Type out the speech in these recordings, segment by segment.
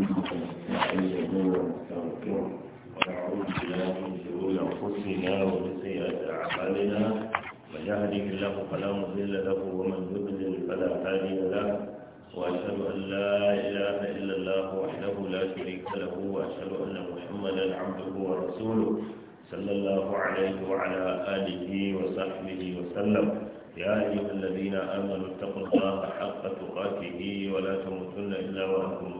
ونعوذ بالله من شرور انفسنا ومن سيئات اعمالنا من يهده الله فلا مضل له ومن يضلل فلا هادي له واشهد ان لا اله الا الله وحده لا شريك له واشهد ان محمدا عبده ورسوله صلى الله عليه وعلى اله وصحبه وسلم يا أيها الذين آمنوا اتقوا الله حق تقاته ولا تموتن إلا وأنتم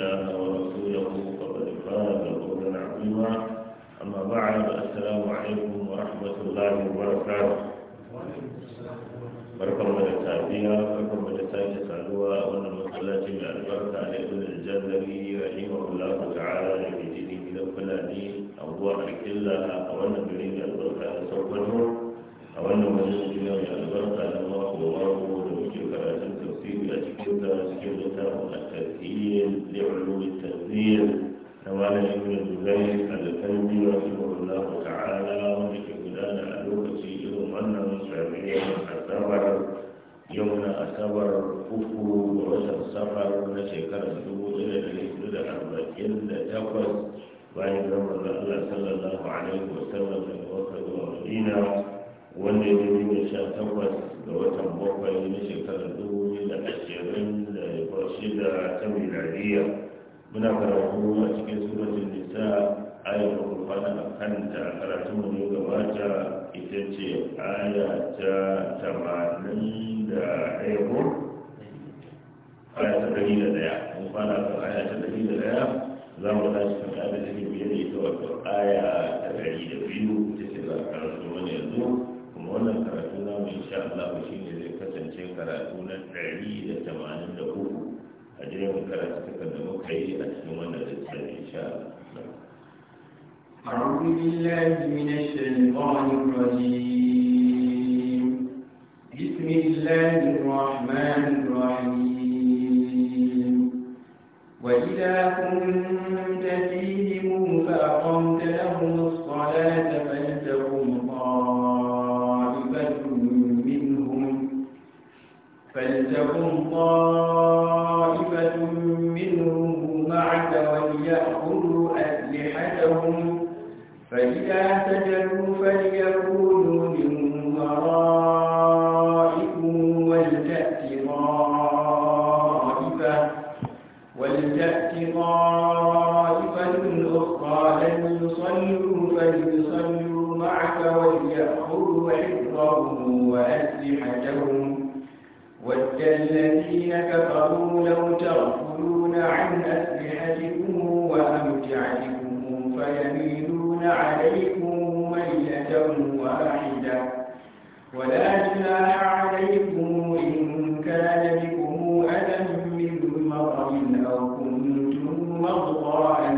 الله ورسوله فقد فاز فوزا عظيما أما بعد السلام عليكم ورحمة الله وبركاته barkan mu da tafiya barkan mu da sake saduwa a wannan masallaci mai albarka da ibn al-jazari rahimahullahu ta'ala da ke cikin gidan fulani a ruwa alkilla a wannan gari mai albarka da sauƙato a wannan masallaci mai albarka da التفسير نوانا ابن الزبير الكلبي رحمه الله تعالى ولكي gudana a lokaci irin wannan tsarriyar asabar yau na asabar uku ga watan safar na shekarar dubu ɗaya da hudu da arba'in da takwas bayan gama da Allah sallallahu alaihi wa sallam daga wata zuwa wanda ya yi da sha takwas ga watan bakwai na shekarar dubu da ashirin da shida ta miladiyya muna karatu a cikin suratun nisa ayar da kwana a ta karatu mu ne gabata ita ce aya ta tamanin da ɗaya ko aya ta ɗari da ɗaya mun kwana kan aya ta ɗari da ɗaya za mu tashi cikin aya ta take biyar da ita wato aya ta ɗari da biyu ita ce za a karatu wani yanzu kuma wannan karatu na mu insha Allah shi ne zai kasance karatu na ɗari da tamanin karatukan da muka yi a cikin wannan littafi أعوذ بالله من الشيطان الرجيم بسم الله الرحمن الرحيم وإذا كنت فيهم فأقمت لهم الصلاة فلتقم طائفة منهم فلتقم طائفة أسلحتكم وأمتعتكم فيميلون عليكم ميلة واحدة ولا جناح عليكم إن كان بكم أذى من مطر أو كنتم مرضى أن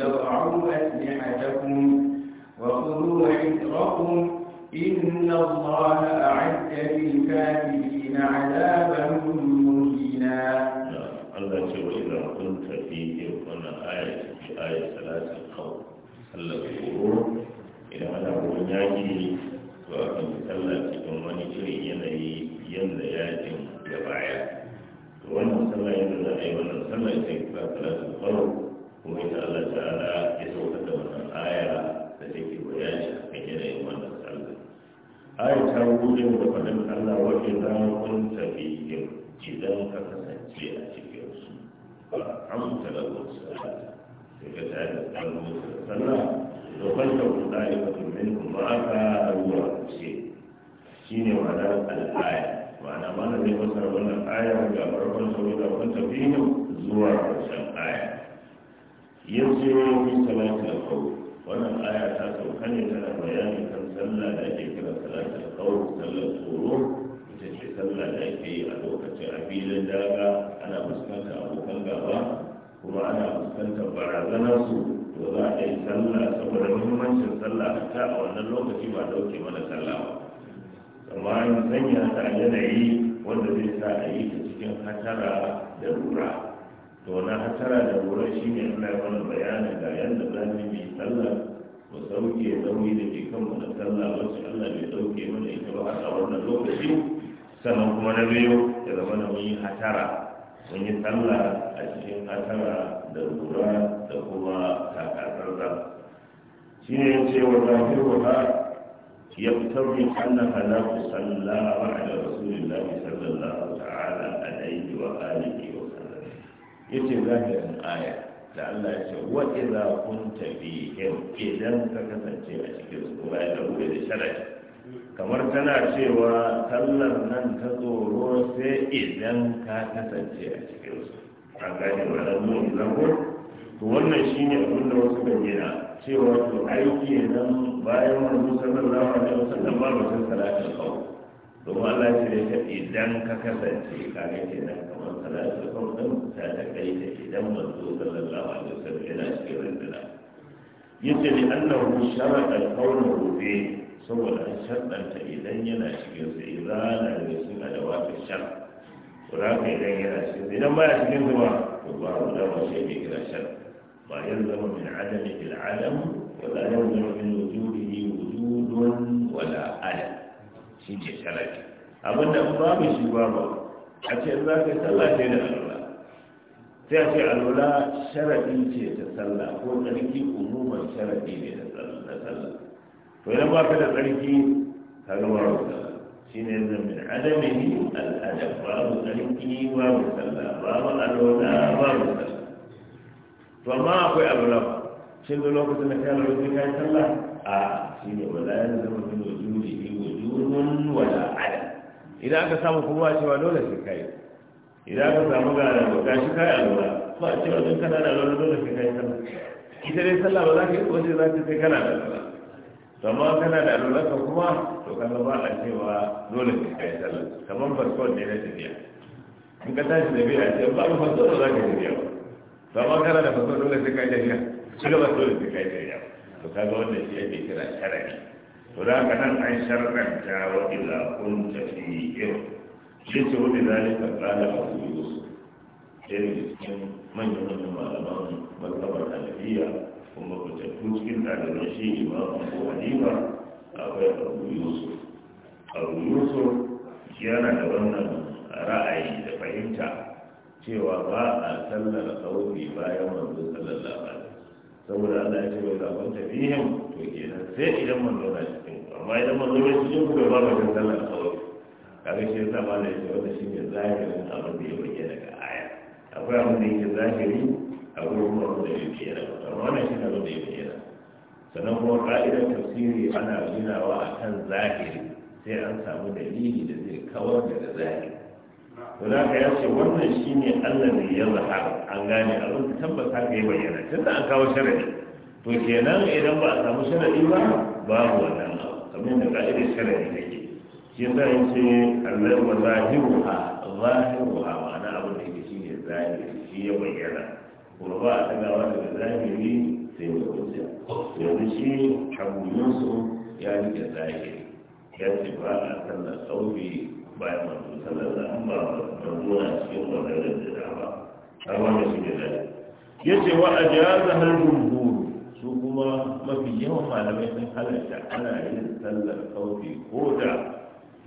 تضعوا أسلحتكم وخذوا حذركم إن الله أعد للكافرين ana fuskantar barazanar su to za a yi sallah saboda muhimmancin sallah ta a wannan lokaci ba dauke mana sallah ba amma an sanya ta yanayi wanda zai sa a yi ta cikin hatara da lura to na hatara da lura shine Allah yi mana bayani ga yadda za mu yi sallah mu sauke nauyi da ke kan mu na sallah wacce Allah bai dauke mana ita ba a wannan lokaci sannan kuma na biyu ya zama na mun yi hatara sun yi talla a cikin asara da lura da kuma takatsarsa shi ne ce wa zafi ha ya fitar min ku la tusalla ba'da rasulillahi sallallahu ta'ala alaihi wa alihi wa za yace zahirin aya da Allah ya ce wa idza kunta bihim idan ka kasance a cikin su bayan da da sharadi kamar tana cewa sallar nan ta tsoro sai idan ka kasance a cikin a gani gane ɗan mun zango to wannan shi ne abin da wasu kan gina cewa to aiki nan bayan wani ne wasu wasallam ba mutum salatin kawo domin Allah ya ce ka idan ka kasance ka ga kenan kamar salatin kawo ɗan ta takaita idan manzo sallallahu alaihi wasallam yana cikin runduna yace li annahu sharata qawluhu fihi saboda an shaɗanta idan yana cikin sa izala daga cikin adawatun shar to za ka idan yana cikin idan ba ya cikin sa ba to ba mu dama shi ne kira shar ba yin zama min adami fil adam wala yin zama min wujudihi wujudun wala adam shi ke sharafi abinda babu shi babu a ce za ka yi sallah sai da alwala sai a ce alwala sharaɗi ce ta sallah ko tsarki umuman sharaɗi ne ta sallah to idan ba ka da tsarki ka gama rauta shi ne zamin adamihi al'adab babu tsarki babu sallah babu alwala babu sallah to amma akwai abu na shin da lokacin da kayan rauta kayan sallah a shi ne wala yana zama fi wajuri fi wajurun wala adam idan aka samu kowa cewa dole kai idan aka samu ga ga shi kai alwala ba cewa don kana kai sallah ita dai sallah ba za ka da zama kana da alwalarka kuma to kana ba a cewa dole sai kai sallah kamar farko ne na tafiya in ka tashi da biya sai ba mu fasfon da za ka tafiya ba to amma kana da fasfon dole sai kai tafiya shi gaba dole sai kai tafiya to kaga wannan shi ake kira sharadi to da ka nan an ta wa illa kun tafi shi ce wani zalika kala a su yi wasu ɗaya cikin manyan manyan malaman mazhabar kuma fitattu cikin ɗalibai shi ne imamu abu hanifa akwai abu yusuf abu yusuf yana da wannan ra'ayi da fahimta cewa ba a sallar kauri bayan wanzu sallallahu alaihi saboda Allah ya ce bai zaɓar tafihim to kenan sai idan man na cikin amma idan man na cikin ku da ba wajen sallar kauri kaga shi yasa ma da ya ce wanda shi ne zahirin abin da ya bayyana ga aya akwai abin da yake zahiri a wurin da ya yana wata wani shi na abin da ya kera sannan kuma ƙa'idar tafsiri ana ginawa a kan zahiri sai an samu dalili da zai kawar daga zahiri to da ka yace wannan shi ne allah ne ya zaha an gane abin da tabbata ka yi bayyana da an kawo sharadi to kenan idan ba a samu sharadi ba babu wannan abu kamar da ka'idar sharadi ke shi yasa ce allah wa zahiruha zahiruha ma'ana abin da yake shi ne zahiri shi ya bayyana kuma ba a tagawa daga zahiri sai da kusa yanzu shi abu yusuf ya rike zahiri ya ce ba a sallar sauki bayan masu sallar da an ba manzo na cikin wannan da ba har wanda shi ne zahiri ya ce wa a jaza har jumhuru su kuma mafi yawan malamai sun halarta ana yin sallar sauki ko da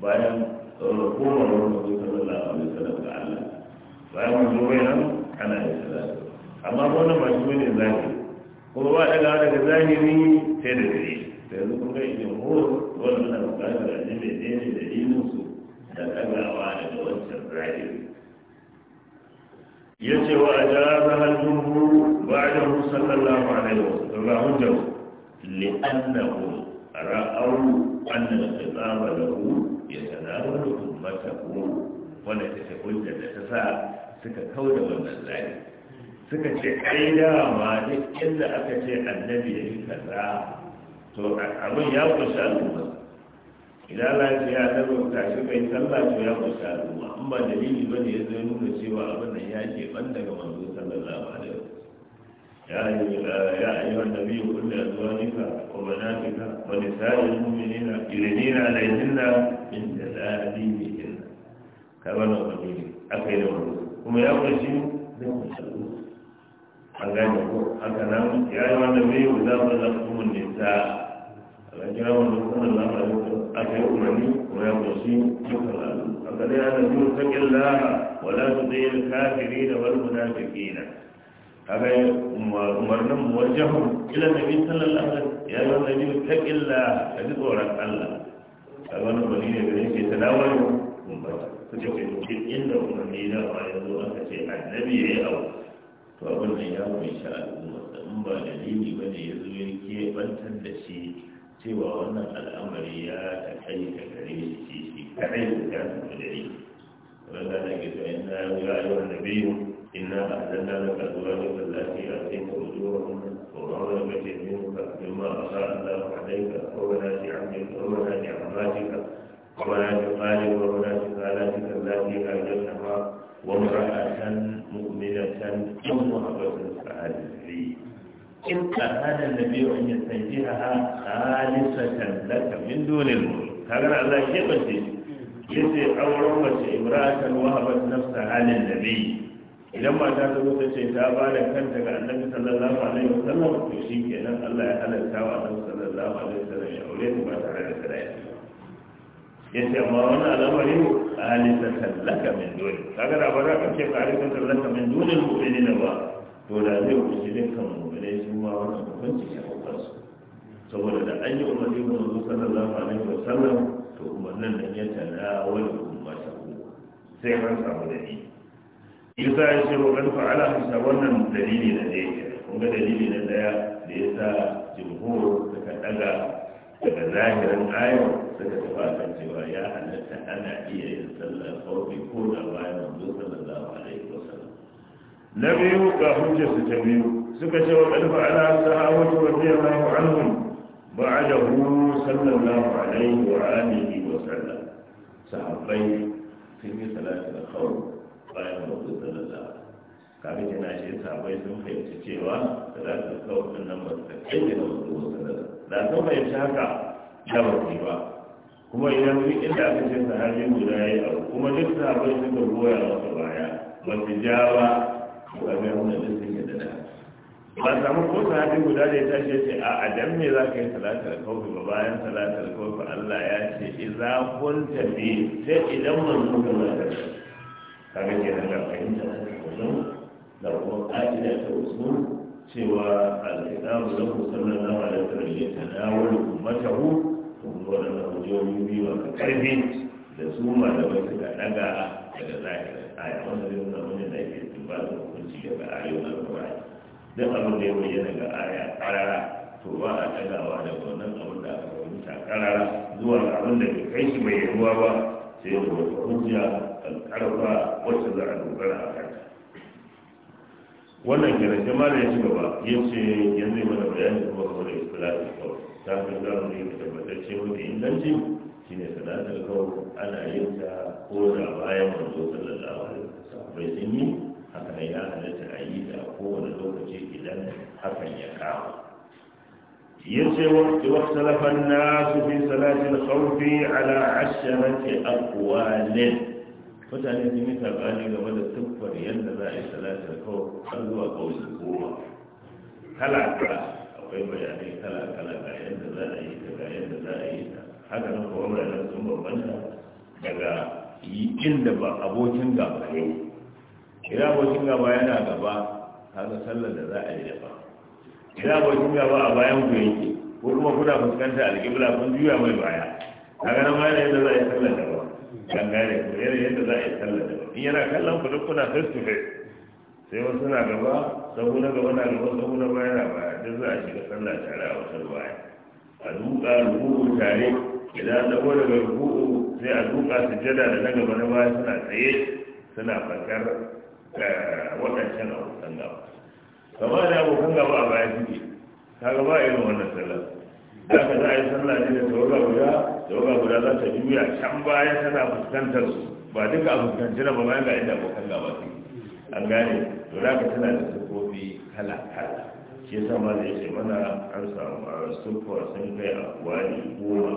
bayan komawar masu sallar da Allah bayan manzo bai nan ana yin sallar amma wani masu wani zahiri kuma ba ɗaga daga zahiri sai da dare da yanzu kun ga idan horo wannan na bukatar a mai ɗaya da ilmin su da ɗagawa daga wancan zahiri ya ce wa a jara za a jumhur ba a jahur sallallahu alaihi wa sallam hujjar ku ra'au annal qitama lahu yatanawalu ummatahu wannan ta ce hujjar da ta sa suka da wannan zahiri suka ce ai dawa ma duk inda aka ce annabi ya yi kaza to abin ya kusa al'umma idan lafi ya zama ka shi mai sallah to ya kusa al'umma in ba dalili ba ne ya zai nuna cewa abin nan ya ke ban daga manzo sallallahu alaihi ya yi ya yi wa nabi kulli azwanika wa manatika wa nisa'il mu'minina ilayna alayhinna min jazaa'ihim kaman wa qadiri akai da wannan kuma ya kusa duk sallallahu an ko haka nan ya yi wanda mai yau za mu zama kuma nisa a kira wanda kuma za zama aka yi umarni ko ya kunshi dukkan alu a kada ya da biyu ta killa wala su zai kafiri da wani munafiki na haka yi umarnin muwajahun ila nabi sallallahu alaihi ya yi wanda biyu ta killa ka ji tsoron allah a wani wani ne da yake tanawar umarni ta ce ke inda umarni a wani zo aka ce annabi ya yi abu to wannan ya mai sha al'ummarsa in ba dalili ba ne ya zo ya keɓantar da shi cewa wannan al'amari ya ta kai taƙaita gare shi shi shi kaɗai da ya samu dalili wanda na gizo in na yi rayuwar da biyu in na ɗan da na kasuwa ne ba za ki a cikin ko kuma wani mace ne ka fi ma a sa Allah ka dai ka kowa na shi amin kowa na shi amma shi ka kowa na shi ƙari kowa na shi ƙara shi ka za ki ka yi jasa ma وامرأة مؤمنة ومهبة فهذه إن أهل النبي أن يستنجيها خالصة لك من دون المؤمن هذا الله شيء بسيط يسي أول أمة وهبت نفسها للنبي idan mata ta zo ta ce ta ba da kanta ga annabi sallallahu alaihi wasallam to shi kenan Allah ya halarta wa annabi sallallahu alaihi wasallam ya aure ta ba tare da Ya ce amma wannan al'amari khalisatan laka min dole, kaga da ba za ka ce khalisatan laka min duni mu'minina ba to da zai wuce dukkan mu'minai su ma wannan hukunci ya hukar su saboda da an yi umarni mu zo sallallahu alaihi wa to umarnin nan ya tana wani ta ummata sai an samu da ni. isa ya ce wa kan fa'ala hasa wannan dalili na ne kun ga dalili na daya da yasa jumhur suka daga daga zahirin ayon suka tafi a cewa ya halatta ana iya yin sallar sauƙi ko da bayan manzo sallallahu alaihi wasallam na biyu ga hujjar su ta biyu suka ce wa ƙarfa ala sahabatu radiyallahu anhum ba'adahu sallallahu alaihi wa alihi wa sallam sahabbai sun yi salatu da kawo bayan manzo sallallahu kafin yana shi sahabbai sun fahimci cewa salatu da kawo din nan ba ta kai da wanzu sallallahu da sun fahimci haka da ba ba kuma idan duk inda aka ce sahabi guda ya yi abu kuma duk sahabai suka goya wasu baya ba su ja ba bai wani da suke da da ba samu ko Haji guda da ya tashi ce a adam me za ka yi salatar kofi ba bayan salatar kofi Allah ya ce iza kun tafi sai idan manzo ka za ka kaga ke da fahimta da kuma ka'ida ta usul cewa alkitabu da ku sallallahu alaihi wasallam ya tanawalu ummatahu kuma wannan hujjoji biyu ka karfi da su malamai suka daga daga zahirin aya wannan yin zamani da yake tuba da hukunci daga na alkurani duk abin da ya bayyana ga aya karara to ba a dagawa da wannan abin da aka rubuta karara zuwa abin da ke kai shi bai ruwa ba sai da wata hujja alkarfa wacce za a dogara a wannan kenan sai malam ya ci gaba ya ce yanzu mana bayani kuma kuma da istilahi kawai ta fi zamani da tabbatacce mafi inganci shine salatul kawai ana yin ta ko da bayan manzo sallallahu alaihi wasallam bai sun yi haka ne ya halatta a yi ta kowane lokaci idan hakan ya kawo ya ce waktalafan nasu fi salatul khawfi ala asharati aqwalin mutane sun yi sabani game da tuffar yadda za a yi salatar kawai har zuwa kawai goma kala kala akwai bayanai kala kala ga yadda za a yi ta ga yadda za a yi ta haka nan kuma bayanan sun bambanta daga yi inda ba abokin gaba ne idan abokin gaba yana gaba haka sallar da za a yi dafa idan abokin gaba a bayan ku yake ko kuma kuna fuskanta alƙibla kun juya mai baya haka nan ma yana yadda za a yi sallar da kan ku yanayin yadda za a yi sallah da in yana kallon ku duk kuna face to face sai wasu na gaba sahu na gaba na gaba sahu na baya na baya duk za a shiga sallah tare a wasu baya a duka rubutu tare idan an wani daga rubutu sai a duka su sujjada da na gaba na baya suna tsaye suna fakar eh, waɗancan abokan gaba kamar da abokan gaba a baya suke ka gaba irin wannan sallah daga ka za a yi sallah ne da tawaga guda tawaga guda za ta juya can baya tana fuskantar su ba duka a fuskanci na ba bayan ga inda abokan gaba su an gane to da ka tana da sukofi kala kala shi yasa ma zai ce mana an samu a sufuwa sun kai a wani goma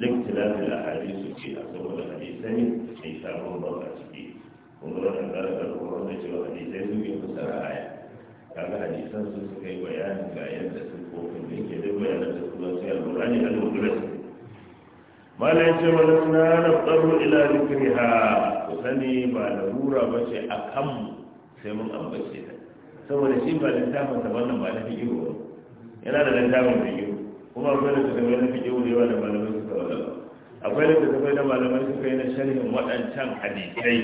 duk da a su ce a saboda hadisai sai sabon ban a ciki kuma da kan kara karfi wanda cewa hadisai su ke fasara aya kaga hadisan su sun kai bayanin ga yadda su mala ya ce wani suna na tsaro ila zikiri ha ku sani ba da rura ba ce a kan sai mun ambace ta saboda shi ba littafin ta wannan ba na fi yiwu yana da littafin da yiwu kuma akwai da suka na fi yiwu yawa da malamai suka wala akwai da suka da malamai suka yi na sharhin waɗancan hadisai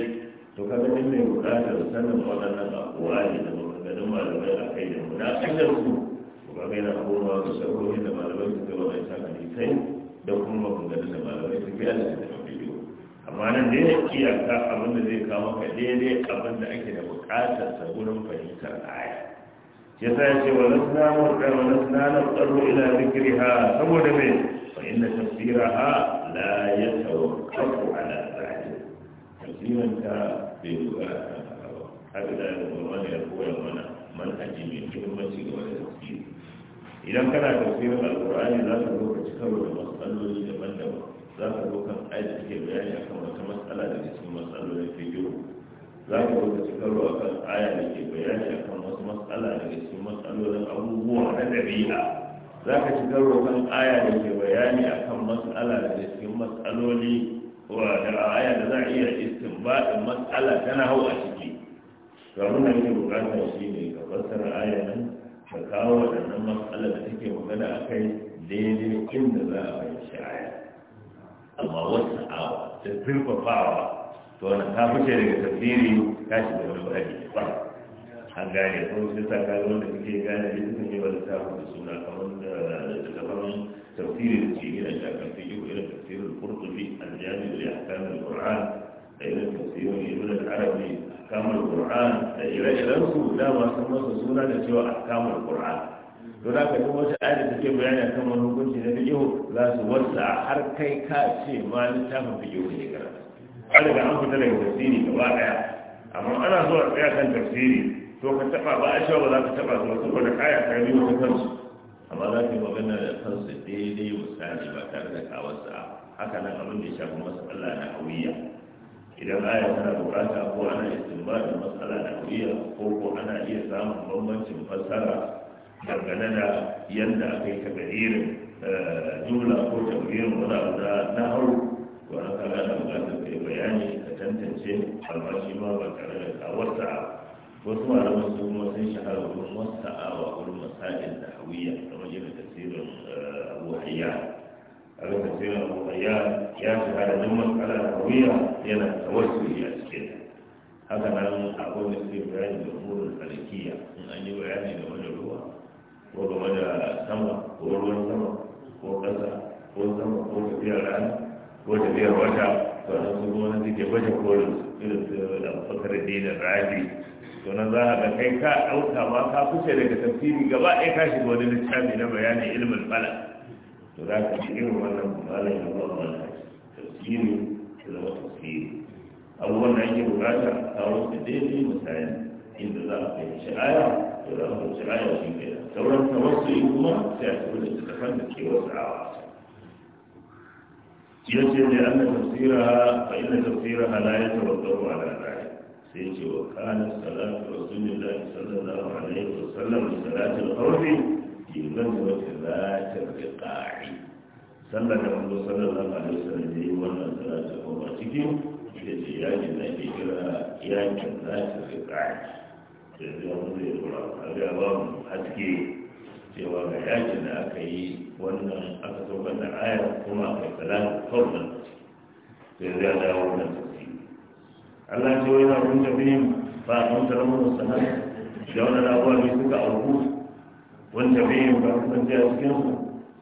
to kaga ne mai buƙatar sanin waɗannan abuwa ne da ganin malamai a kai da mu na ƙasar su wanda abubuwa da sabo da malamai su gaba mai ta hadisai da kuma maganganun da malamai su fi ala da bidiyo amma nan dai iyaka abin da zai kawo ka daidai abin da ake da buƙatar sa gurin fahimtar aya ya sa ya ce wa lasna murka wa lasna na tsaro ila ha, saboda mai me fa tafsira ha la yatawaqqafu ala zahir tafsiranta bai buƙata haka da ya zama wani ya koya mana manhaji mai muhimmanci ga wani tafsiri idan kana tafiyar alkur'ani za ka zo ka ci karo da matsaloli daban-daban za ka zo kan aiki ke bayani akan wata matsala daga cikin matsalolin fikihu za ka zo ka ci karo kan aya da ke bayani akan wasu matsala daga cikin matsalolin abubuwa na ɗabi'a za ka ci karo kan aya da ke bayani akan matsala daga cikin matsaloli da aya da za a iya istinbadin matsala tana hau a ciki ga wannan yake bukatar shi ne ka fassara aya nan ka kawo waɗannan matsalar da take magana a kai daidai inda za a fahimci aya amma wata awa da zurfafawa to wani ta fice daga tafsiri ta shiga wani bayani ba an gane ko shi ta gano da kake gane da suka ba da ta da suna kamar eh, da littattafan tafsiri da ke gina shakar fi yi irin tafsirin kurtubi aljami da ya kan da ƙur'an da irin qur'an da ire-iren su dama sun masa suna da cewa ahkamul qur'an don haka duk wata ayar da take bayani akan wani hukunci na fiqhu za su wasa har kai ka ce ma littafin fiqhu ne karatu an daga an fita daga tafsiri gaba ɗaya. amma ana so a tsaya kan tafsiri to ka taɓa ba a cewa ba za ka taba su saboda kaya ta yi wata kansu amma za ka yi magana da kansu daidai misali ba tare da kawarsa haka nan abin da ya shafi masu Allah na hawiya idan aya tana bukata ko ana istimba da matsala na iya ko ko ana iya samun bambancin fasara dangane da yadda aka yi tagaririn eh, jumla ko tagaririn wani abu na hau ko an kaga da bukatar kai bayani ka tantance albashi ma ba tare da kawarsa wasu malaman su kuma sun shahara wurin wasu ta'awa wurin masajin da hawiya kamar irin tasirin eh, abu hayya a lokacin abu ya ya da duk matsala da wuya yana ya cike cikin haka nan akwai da suke bayani da burin kalakiya in an yi bayani game da ruwa ko game da sama ko ruwan sama ko ƙasa ko sama ko tafiyar rana ko tafiyar wata to nan su kuma suke baje kolin irin su alfakar dinin rabi to nan za ka kai ka ɗauka ma ka fice daga tafsiri gaba ɗaya ka shiga wani littafi na bayanin ilmin falak to za ka ci irin wannan kumalin ya ba ba na tafsiri da zama tafsiri abubuwan da ake bukata a wasu daidai misali inda za a fahimci aya to za a fahimci aya shi ke sauran ta wasu yi kuma sai a tafi da ta fanta ke wasu awa ya yace ne an da tafsiraha fa inda tafsiraha la ya tawaddau ala aya sai ce wa kanin salatu rasulillahi sallallahu alaihi wasallam salatul khawfi بالغزوة ذات الرقاع صلى الله عليه وسلم عليه وسلم wannan salatu ko kuma cikin da ce yakin da ke kira yakin zati riqa'i da zai wani lura a ga haske cewa ga yakin da aka yi wannan aka sauka da aya kuma aka salatu kawai sai zai da wannan tafsiri Allah ce wai na kun tafi ba mun tarmu sanan da wannan abuwa ne suka auku wanda bai yin ba kasance a cikinsu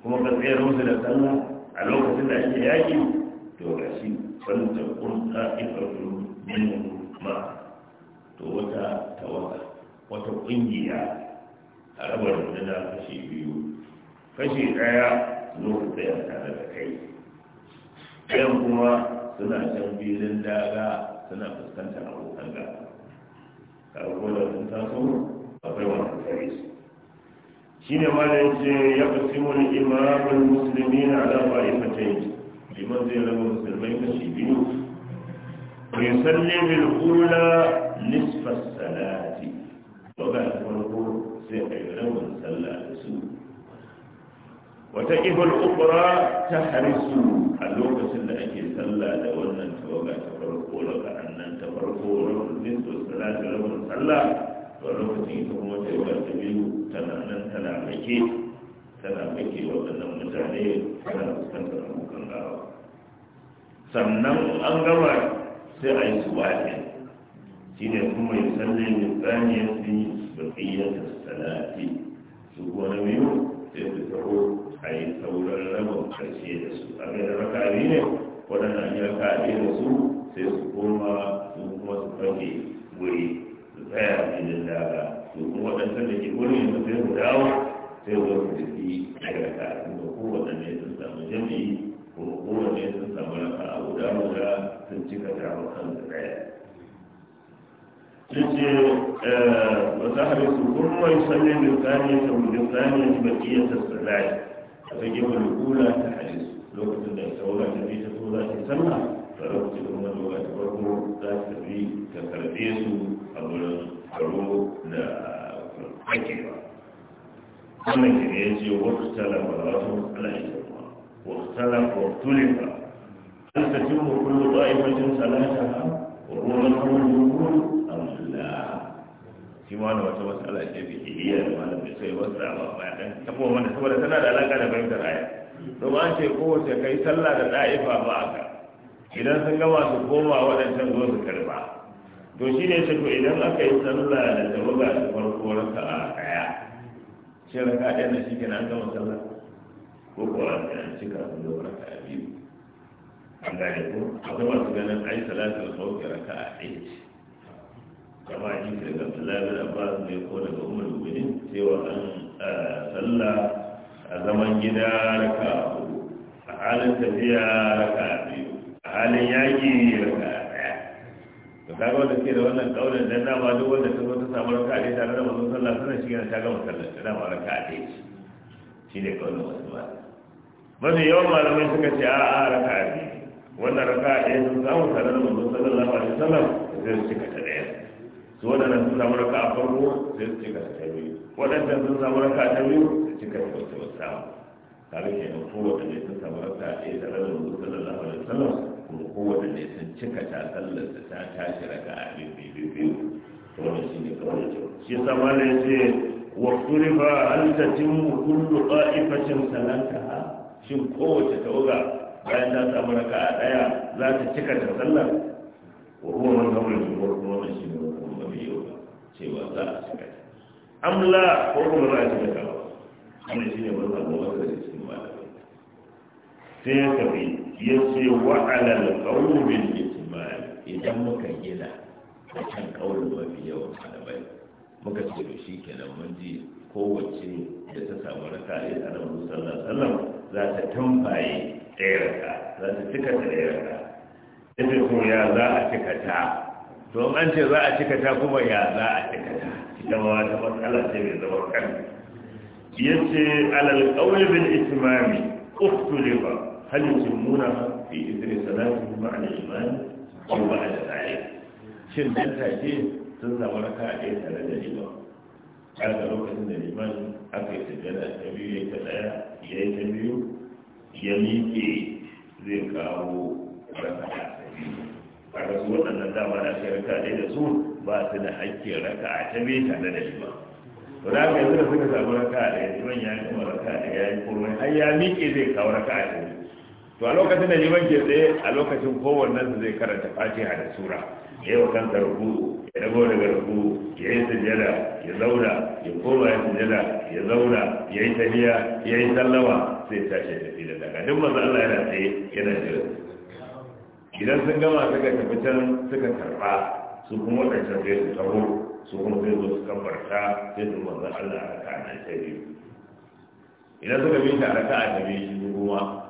kuma ka tsayar musu da sallah a lokacin da ake yaƙi to ga shi fanta kurta ifarku min ma to wata tawaka, wata ƙungiya a raba rundunar kashi biyu kashi ɗaya zo tsaya tare da kai ɗayan kuma suna can filin daga suna fuskantar abokan gaba karbo da sun taso akwai wani kare su shine malam ce ya qasimu al-imam al-muslimin ala ta'ifatayn liman zai raba musulmai shi biyu wa yusalli bil ula nisfa salati to ga farko sai ayi rabin sallah da su wata ibul ukra ta harisu a lokacin da ake sallah da wannan tawaga ta farko da nan ta farko rabin nisfa salati rabin sallah wani lokacin ita kuma sai wadda biyu tana nan tana fake tana fake waɗannan mutane tana fuskantar abokan gawa sannan an gama sai a yi su waɗe shi ne kuma ya salle mai tsaniyar fi bakiyar ne sun samu jami'i kuma kowanne sun samu raka a guda guda sun cika taron kansu ɗaya yace wasahar su kuma yi sanya bin sani ta wujin sani ta bakiyar ta salai a ta gefe kula ta hadis lokacin da ta wula ta ta so za ta sanna da lokacin da wata farko za ta bi ta karbe su a wurin karo da kakewa wannan ne ya ce waktala balawatu alaihi waktala waktulifa hal tatimmu kullu ta'ifatin salataha wa huwa al-qawlu Allah shi ma wannan wata mas'ala ce bi iya da malam bai sai wasa ba ba dan tabo mana saboda tana da alaka da fahimtar aya domin an ce kowace kai sallah da da'ifa ba aka idan sun gama su koma waɗancan zo su karba to shi ne ce to idan aka yi sallah da tawaga da farko raka'a daya shi raka ɗaya na shi kenan an gama sallah ko kuwa an kafin da wani raka biyu an gane ko akwai masu ganin a ai salatul khawfi raka a ɗaya kama ji daga Abdullahi ba Abbas ne ko daga Umar bin cewa an sallah a zaman gida raka a halin tafiya raka biyu a halin yaƙi raka kaga wanda ke da wannan kaulin dan ba duk wanda ta zo ta samu raka a tare da manzon sallah sana shi yana ta gama sallar ta dama raka a ɗaya shi ne kaulin wasu ba mafi yawan malamai suka ce a a raka a biyu wannan raka a ɗaya sun samu tare da manzon sallallahu alaihi wasallam sai su cika ta ɗaya su waɗannan sun samu raka a farko sai su cika ta biyu waɗannan sun samu raka ta biyu su cika ta wata wata kaga kenan kowace ne sun samu raka a ɗaya tare da manzon sallallahu alaihi wasallam kuma kowane ne sun cika ta sallar da ta tashi raka a biyu biyu to wannan shi ne kawai da shi yasa ne ce an ta kullu qa'ifatin salataha shi kowace uga bayan ta samu raka a daya za ta cika ta sallar wa huwa man hamul jumhur kuma wannan shi ne kuma bai yau ba cewa za a cika ta amla ko kuma za a cika ta ba wannan shi ne wannan ba wanda cikin malamai sai ya tafi ya ce wa alal qawmin ijmal idan muka gina a kan kaulin mafi yawan malamai muka ce to shi kenan mun ji kowace da ta samu raka a yadda annabi musa sallallahu za ta tambaye ɗaya raka za ta cika ta ɗaya raka ita kuma ya za a cika ta to an ce za a cika ta kuma ya za a cika ta ita ma wata matsala ce mai zama kan yace alal qawli bil ismami ukhtulifa هل yusimmuna في إذن salati مع الإيمان أو بعد ذلك؟ shin dan شيء sun samu raka a ɗaya tare da liman الإيمان lokacin da aka yi sujjada ta ta ɗaya ya ya miƙe zai kawo a kaga su waɗannan dama raka da su ba su da hakkin raka a ta tare da to da aka yanzu da suka samu raka a ɗaya liman ya gama raka a ɗaya ya yi miƙe zai kawo raka a biyu to a lokacin da liman ke tsaye a lokacin kowannen su zai karanta fatiha da sura ya yi wa kansa rubu ya dago daga rubu ya yi sujada ya zauna ya koma ya sujada ya zauna ya yi tafiya ya yi sallama sai tashi ya tafi da daga duk masu Allah yana tsaye yana jira idan sun gama suka tafi can suka karba su kuma waɗancan sai su taho su kuma sai zo su kabarta sai su manzan Allah a raka a nan ta biyu idan suka bi ta raka a ta biyu shi kuma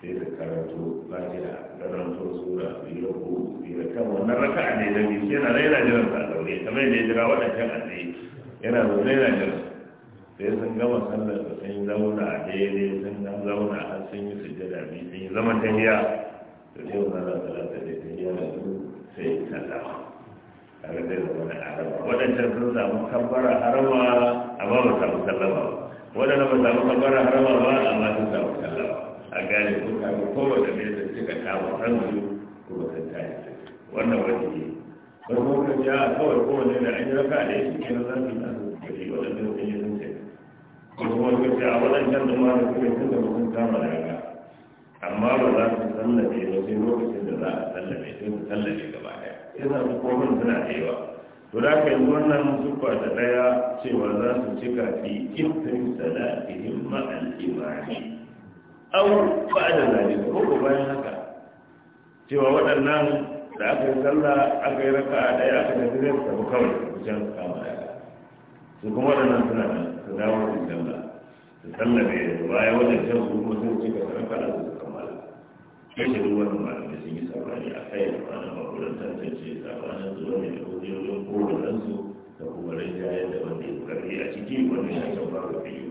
sai da karatu fatiha karanto sura biyu ko biyu kan wannan raka'a ne da biyu yana raina jiran sa daure kamar yadda ya jira waɗancan a tsaye yana zaune yana jiran sai sun gama sallar da sun zauna a daidai sun dan zauna har sun yi sujjada biyu sun yi zaman tahiya da sai wannan ran salata da tahiya da su sai sallama kaga zai zama na arama waɗancan sun samu kabbara harama amma ba samu sallama ba wadannan ba samu kabbara harama ba amma sun samu sallama a gane ko ta ko kowace ne da suka kama hannu ko ba ta tayi wannan wani ne ba ko ka ja kawai kowane da an yi raka da yake kenan za su yi nasu wajen waɗanda sun yi sun ce ko kuma suka ta a waɗancan da ma da suka yi sun da sun kama da raka amma ba za su sallabe ba sai lokacin da za a sallabe sai su sallabe gaba ɗaya sai za su komin suna da to da aka yi wannan sufa da ɗaya cewa za su cika fi kifin salatihim ma'al imani au ba da zalika ko ko bayan haka cewa waɗannan da aka yi sallah aka yi raka a ɗaya aka tafi zai tafi kawai wajen su kama ɗaya su kuma waɗannan suna nan su dawo su sallah su sallah da yanzu bayan wajen can su kuma sun cika su raka da su kammala ya ce duk wannan malamai sun yi saurari a kai da wannan makulan tantance sabanin zuwa ne da hujjojin kowanne su da kuma rinjaye da wanda ya karfi a ciki wanda ya shafa ga fiye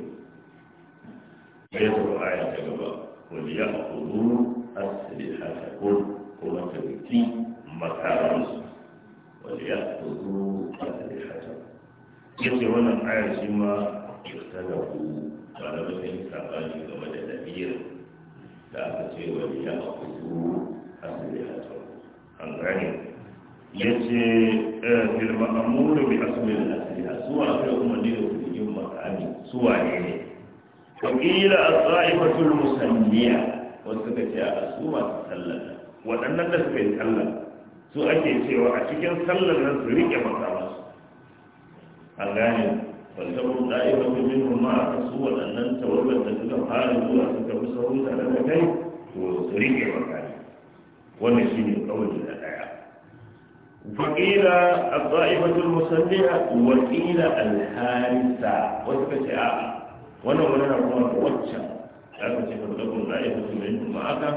ya tafi aya ta gaba wani ya kudu aslihatakun kuma ta riki makaransu wani ya kudu aslihatakun ya ce wannan aya shi ma ya tana ku ba na wani sabani game da lamirin da aka ce wani ya kudu aslihatakun an gane ya ce filma amuru bi asmin asliha suwa kai umarni da su yin makami suwa ne ne wakila as-sa'ifatul musalliya wasu suka ce a su masu sallar waɗannan da suka yi sallar su ake cewa a cikin sallar nan su rike makamansu A gane falsabar da'ifatul minhum ma su waɗannan tawagar da suka fara zuwa suka fi sauran tare da kai to su rike makami wannan shine kawai da daya فقيل الطائفة المسلحة وقيل الحارسة وسكت آخر wannan wani na kuma waccan ya ka ce kan zagon na yi mutum mai kuma aka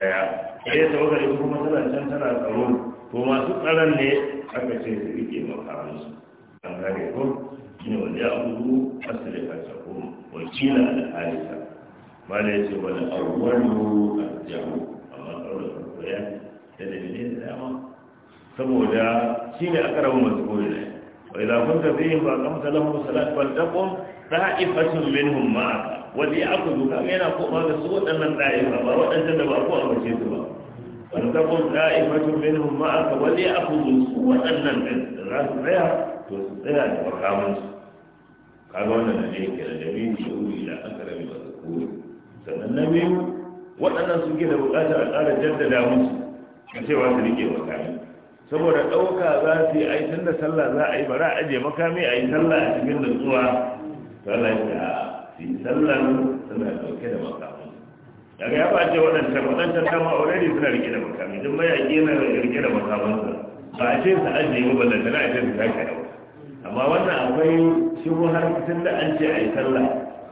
daya ɗaya ta wakar ita kuma tana can tana tsaro to masu tsaron ne aka ce su rike makaransu an gare ko shine wani ya abubu asali a sakon wakila da harisa ba da ya ce wani arwaru a jamu amma tsaro da farko ya da dalilin da dama saboda shi ne a karamin masu kori ne wai zafin ka zai ba kamta lahun salat fal taqum sa'ifatun minhum ma wani ya aku zuka yana koma ga su waɗannan ɗa'ifa ba waɗancan da ba ko a bace su ba wani kafin sa'ifatun minhum ma aka wani ya aku zuka su waɗannan da za su tsaya to su tsaya da makamansu kaga wannan da ne ke da jami'in shi'uru ila akarami wa zakuri sannan na biyu waɗannan su ke da buƙatar a ƙara jaddada musu a cewa su riƙe makami saboda ɗauka za su yi a yi tun da sallah za a yi ba za a aje makami a yi sallah a cikin nutsuwa Sannan da fi sallan sallar suna dauke da makamu daga ya face waɗancan waɗancan kama already suna rike da makamu don mai yaƙi yana rike da makamunsa ba a ce su ajiye ba ballanta na a ce su sake yau amma wannan akwai shigo har tun da an ce a yi sallah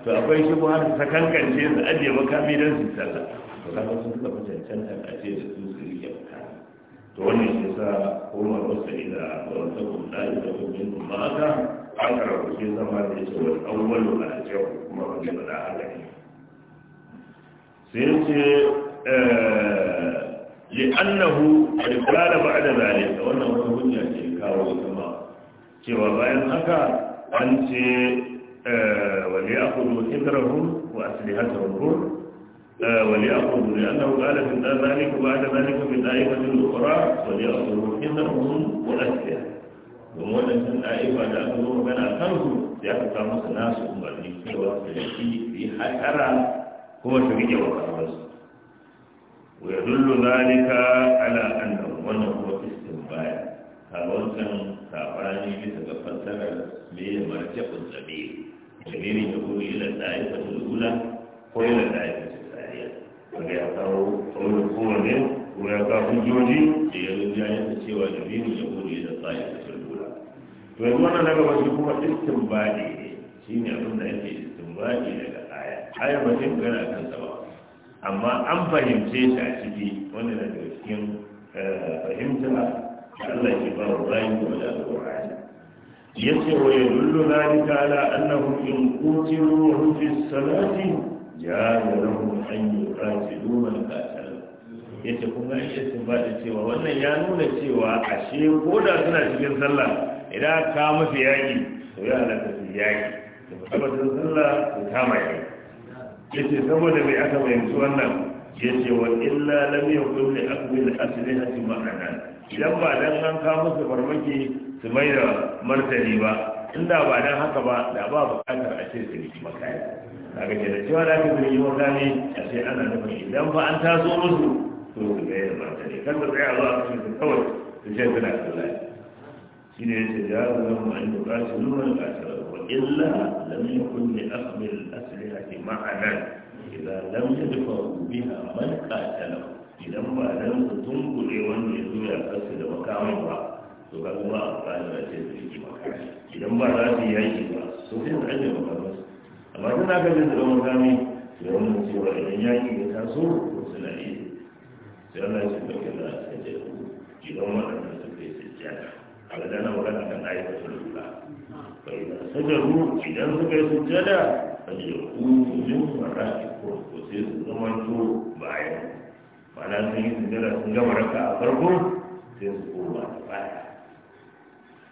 to akwai shigo har ta kankance su ajiye makamu don su yi sallah to kaga sun suka fi cancanta a ce da su su rike to wannan shi sa umar wasu ila wata kuɗa ita kuɗin kuma aka aka rabuce zama da ya ce wani awwalu a ajiyar kuma wani ba da haka ne sai ce eh, li'annahu alifala ba da zalika wannan wata hujja ce kawo kuma cewa bayan haka an ce wani ya kudu hidrahun wa aslihatahun وليأخذوا لأنه قال في ذلك وبعد ذلك في طائفة أخرى وليأخذوا إنهم مؤثر ومن الطائفة لأخذوا من أخذهم لأخذ مس ناس أمرني وأخذتي في حسرة هو شبيه وقرص ويدل ذلك على أنه وأنه استنباط kawon kan saɓani bisa ga fassarar mai marjaɓin tsabi tsibirin ya kuma yi lantaye fasulula ko yi lantaye fasulula wanda ya kawo kaunar kowane kuma ya kawo hujjoji da ya rinja yadda cewa da biyu ya kuri da tsaye da turbula to yanzu wannan daga wasu kuma istinbadi ne shi ne abin da yake istinbadi daga aya aya ba sai magana kan sa ba amma an fahimce shi a ciki wanda na daga cikin fahimta Allah ke ba wa bayan da wani alƙur'ani yace wa yadullu zalika ala annahum in qutilu fi salati jara lahu an yuqatilu man ya ce kuma yace ba da cewa wannan ya nuna cewa ashe ko da suna cikin sallah idan ka mafi yaki to ya halaka su yaki da tabbatar sallah ko kama Ya yace saboda bai aka fahimci wannan yace wa illa lam yakun li aqbil aslihati ma'ana idan ba dan an ka musu farmaki su mai da martani ba In da ba dan haka ba da ba bukatar a ce su yi makani daga ke da cewa da ake yi makani a ce ana nufin idan ba an taso musu to su ga yadda mata ne kan da tsaye a zuwa cikin su kawai su ce suna kalla shi ne yace da yaro zan mu an duka shi nuna da kasar wa illa lam yakun li a aslihati ma'anan idan lam yadfa a man qatala idan ba dan su tunkure wanda ya zo ya kasu da makamin ba to ga kuma amfani da ce su yi makami idan ba za su yi yaki ba su fi da ajiye makami amma tana ga da zama makami to ya wani cewa idan yaki ya taso ko suna iya sai Allah ya ce ba kila ta ce idan waɗannan su kai sujjada a ga dana magana kan ayatul kula fa idan sajaru idan suka yi sujjada fa yakunu min mara'ikum ko sai su zama to bayan ma'ana sun yi sujjada sun gama raka a farko sai su koma da baya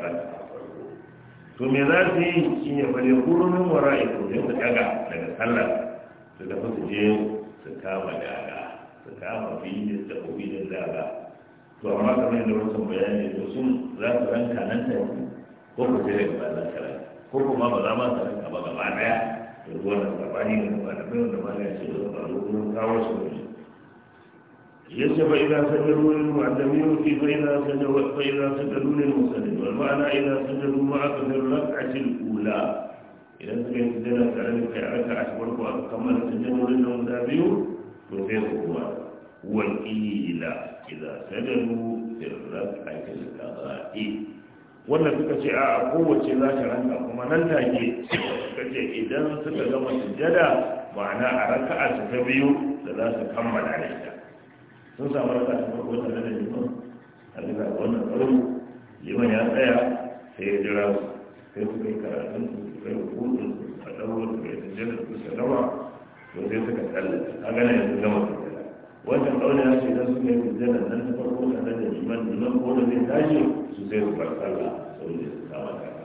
karanta farko to me za su yi shi ne bane kurumin wara ya kome su daga daga sallah su tafi su je su kama daga su kama filin da da daga to amma kamar da wasu bayani to sun za su ranka nan ta ko ku sai daga bayan karanta ko kuma ba za ma su ranka ba gaba daya to ruwan da sabani da kuma da bayan da ma ya ce da ba ruwan kawo su ne yace ba idza sajadu lil mu'azzami fi fa idza sajadu fa idza sajadu lil musallim wal ma'ana idza sajadu ma'a fi rak'ati al ula idan suka yi sujada tare da kai aka a cikin ko aka kammala sajadodin nan guda biyu to sai su kuma wa qila idza sajadu fil rak'ati al qada'i wannan suka ce a kowace za ta ranka kuma nan take suka ce idan suka gama sujada ma'ana a raka'a ta biyu da za su kammala da ita sun samu raka ta farko nan da liman a bisa wannan tsaro liman ya tsaya sai ya jira su sai suka yi karatun su su kai hukutun su a ɗauro su ya jira su su rawa to sai suka tsallaka a gane yanzu gama su jira wannan ƙaunar ya ce don su kai su nan ta farko nan da liman liman ko da zai tashi su sai su bar sallah da su kama kaya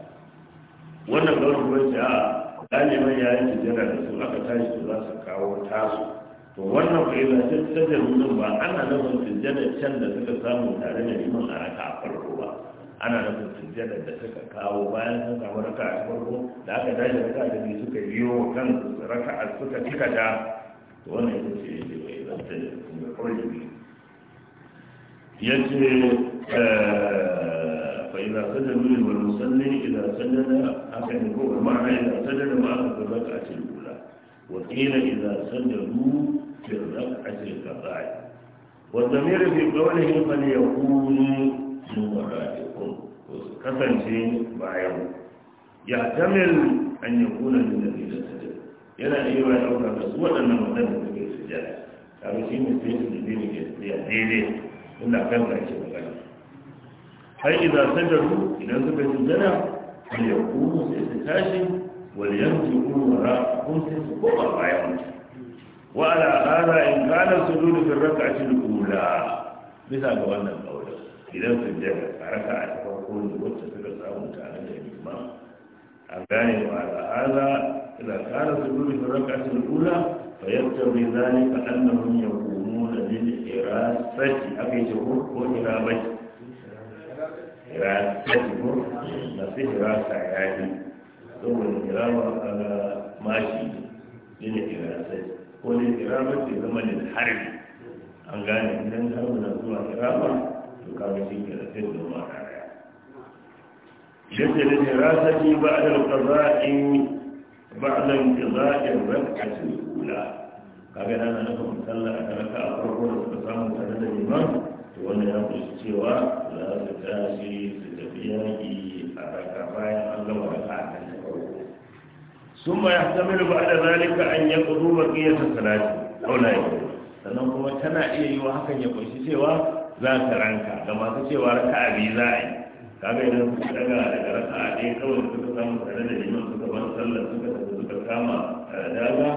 wannan ƙaunar kuma ce a ɗalibai ya yi jira da su aka tashi su za su kawo tasu to wannan fa'ila ce ta jarumin ba ana nufin sujjadar can da suka samu tare da liman a raka a farko ba ana nufin sujjadar da suka kawo bayan sun samu raka a farko da aka tashi raka da biyu suka biyo kan raka a suka cika ta to wannan ita ce yake bai zanta da kuma kawai ya ce فإذا سجد من المصلي إذا سجد أكد الركوع معه إذا سجد معه الركعة الأولى وقيل إذا سجدوا في الركعة القطاع والضمير في قوله فليكونوا من ورائكم كفن شيء بعيون يحتمل أن يكون للذين سجدوا yana iya wa ɗauka da su waɗannan waɗanda suke sujada kaga shi ne sai su dabi ne ya daidai inda kan ka ce magana har idan su idan suka sujada ya kuma sai su tashi wal yanzu kuma ra kun sai su koma bayan mutum وعلى هذا إن كان السجود في الركعة الأولى مثال قولنا القول إذا سجد ركعة فقول وقت تكسر متعلم الإمام أغاني وعلى هذا إذا كان السجود في الركعة الأولى فيقتضي ذلك أنهم يقومون للحراسة أبيتهم وإرابته حراسته نفسه حراسة يعني ثم الإرابة على ماشي للحراسة ko da kirama ce zama da harbi an gane idan har muna zuwa kirama to kaga shi ke da sai zama raya yadda da hirasati ba da qada'i ba'da intiza'i rak'ati ula kaga nan ana kuma sallah a raka a farko da suka samu tare da liman to wannan ya kusa cewa za su tashi su tafi yaki sun ma ya tamilu ba da zalika an ya ƙudu baƙiyar salati aulaye sannan kuma tana iya yi wa hakan ya ƙunshi cewa za ta ranka ga masu cewa raka a biyu za a yi kaga idan suka daga daga raka a ɗaya kawai da suka samu tare da liman suka bar sallar suka tafi suka kama daga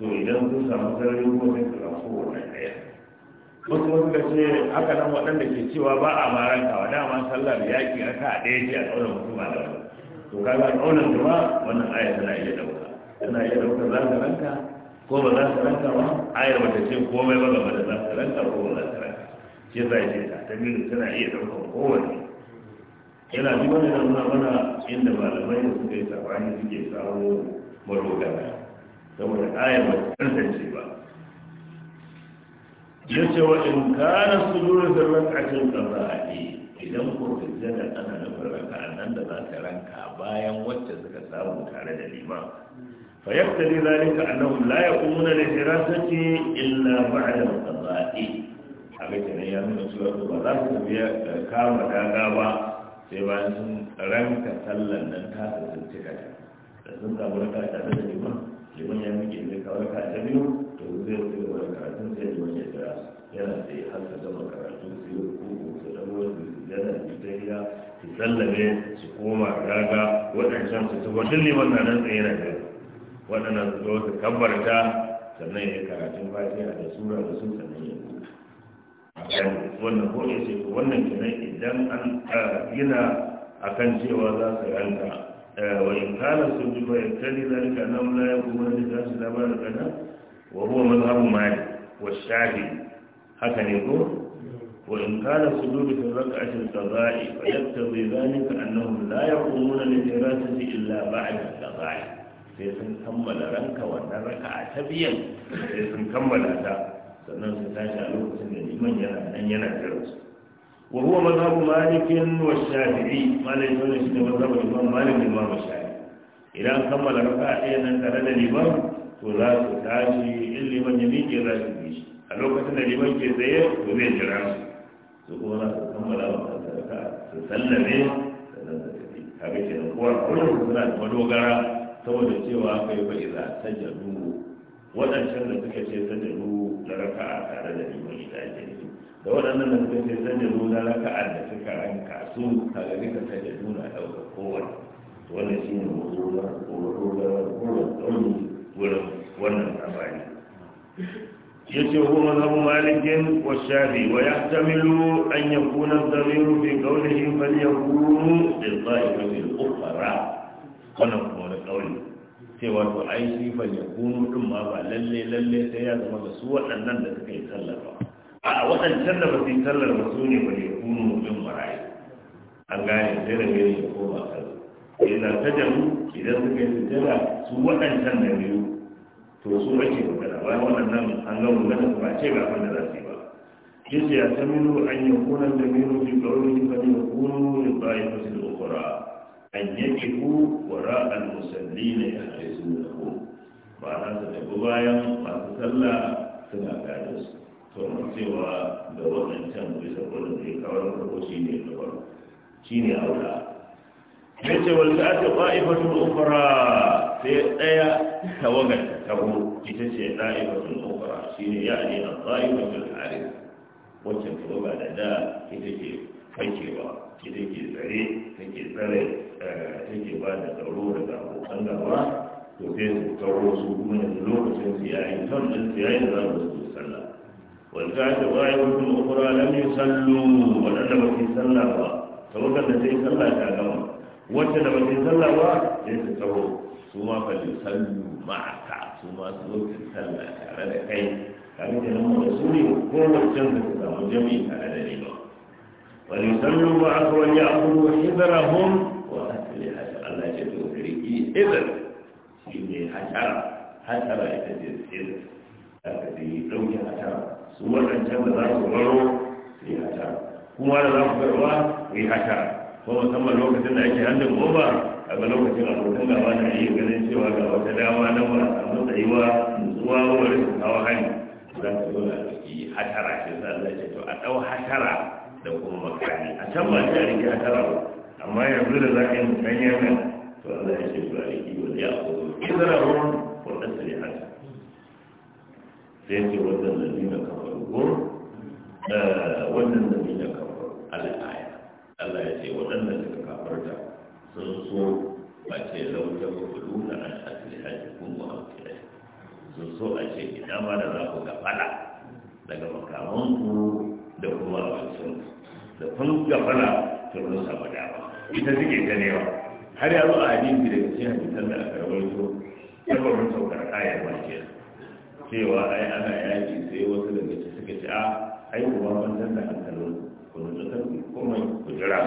to idan sun samu sarari ko sai su rafu wannan ɗaya wasu wasu ka ce haka nan waɗanda ke cewa ba a ma rankawa dama sallar yaƙi raka a ɗaya ce a ɗaura mutum a ɗaura to kaga a kaunar ba wannan ayar tana iya dauka tana iya dauka za ka ranka ko ba za ka ranka ba ayar ba ta ce komai ba da za ka ranka ko ba za ka ranka shi za ce ta ta minu tana iya daukan kowanne yana ji wani da na mana inda malamai da suka yi sabani suke samu marogana saboda ayar ba ta tantance ba ya ce wa in kana sujudu da rak'atin qada'i idan ko ana da raka nan da za ta ranka bayan wacce suka samu tare da lima fa yaqtadi zalika annahum la yaqumuna li firasati illa ba'da al-qada'i haka kenan ya nuna cewa ba za su biya kama daga ba sai bayan sun ranka sallan nan ta sun cika ta da sun samu raka tare da lima liman ya miki zai kawai raka biyu to zai zai wani karatun sai liman ya jira yana da har su zama su tsallabe, su koma raga waɗancan su tuba duk ne wannan nan tsaye na biyu waɗannan su zo su kabbarta sannan ya karatun fatiha da sura da su sannan ya wannan ko ya ce wannan kenan idan an gina a kan cewa za su yanka eh, wa in kala su ji fa yaktali zalika annam la da li nafsi labarin kana wa huwa mazhabu malik wa shafi haka ne ko وإن كان السجود في الركعة القضاء فيقتضي ذلك أنهم لا يقومون للدراسة إلا بعد القضاء sai sun kammala ranka wannan raka'a ta biyan sai sun kammala sannan su tashi a lokacin da liman yana nan yana jira su wa huwa mazhabu malikin wa shafi'i malik wani shi ne mazhabu imam malik da imam idan kammala nan tare da to za su tashi in liman a lokacin da liman ke tsaye to zai jira su duk kuma za kammala wa kansa da ka'a su sallame sannan su tafi kaga ke nan kowa kullum suna da madogara saboda cewa aka yi fa'iza sajjadu waɗancan da suka ce sajjadu na raka'a tare da liman ita ake nufi da waɗannan da suka ce sajjadu na raka'a da suka ranka su kaga duka sajjadu na ɗaukar kowane wannan shi ne mazuwa ko mazuwa ko mazuwa wurin wannan labari yace huwa mazhabu malikin wa shafi wa yahtamilu an yakuna dhamiru fi qawlihi falyakunu lil qa'imati al ukhra wannan kuma wani kauli cewa to ai shi falyakunu din ma ba lalle lalle sai ya zama da su waɗannan da suka yi sallar ba a waɗancan da ba su yi sallar ba su ne falyakunu din marayi an gane sai da gani ko ba kan idan tajamu idan suka yi sujjada su waɗancan da biyu to su ake magana bayan nan an ga magana ba ce ga abin da za su yi ba yace ya tamilu an yakuna damiru bi qawli fa yakunu li ta'ifati al-ukhra an ne a al da ku ba na ta tafi bayan masu sallah suna gada su to mun cewa da wannan can bisa kwallon da ya kawo da shi ne da shi ne aula ya ce wanda aka ba'ifatun ukura sai ɗaya tawagar ta tabo ita ce ɗa'ifatun ukura shi ne ya ne a ba'ifatun harin wacce tawaga da da ita ke fakewa ita ke tsare ta ke tsare eh, ta ke ba da tsaro daga abokan gaba to sai su tsaro su kuma da lokacin su yayi ton ɗin su yayi da za su sallah wanda aka ba'ifatun ukura lam yi sallu waɗanda ba su sallah ba ta tawagar da sai sallah ta gama wacce da bata sallah ba ya su tsawo su ma fa li sallu ma'aka su ma su zo su sallah tare da kai kaga kenan mu da su ne ko waccan da ta samu jami'i tare da ni ba wa li sallu ma'aka wa ya'khudhu hidrahum wa asliha Allah ya ce to riki idan shi ne hajara hajara ita ce idan aka yi dauke hajara su wadancan da za su baro su yi hajara kuma da za su barwa su yi hajara ko musamman lokacin da ake hannun goma a ga lokacin abokan gaba na iya ganin cewa ga wata dama na wa a matsayuwa zuwa wani su kawo hannu. za su zo da ciki hatara shi za a ce to a ɗau hatara da kuma makani a can ba ta rike hatara ba amma yanzu da za ka yi mutanyen nan to Allah ya ce to a rike wani ya ko kizara ruwan ko su ne hata sai ce wannan na kamar gur eh, wannan na kamar al'ayi Allah ya ce waɗanda suka da sun so ba ce lautar kudu na an asali haji kun mu amfira sun so a ce ina ma da za ku gafala daga makamanku da kuma abincin da kun gafala sun rusa ba dama ita suke ganewa har yanzu a hadisi daga cikin hadisan da aka rawaito yawan mun saukar kayan wanke cewa ai ana yaƙi sai wasu daga ci suka ce a ah, ai kuma ban san da hankalin yanzu kan kuma ku jira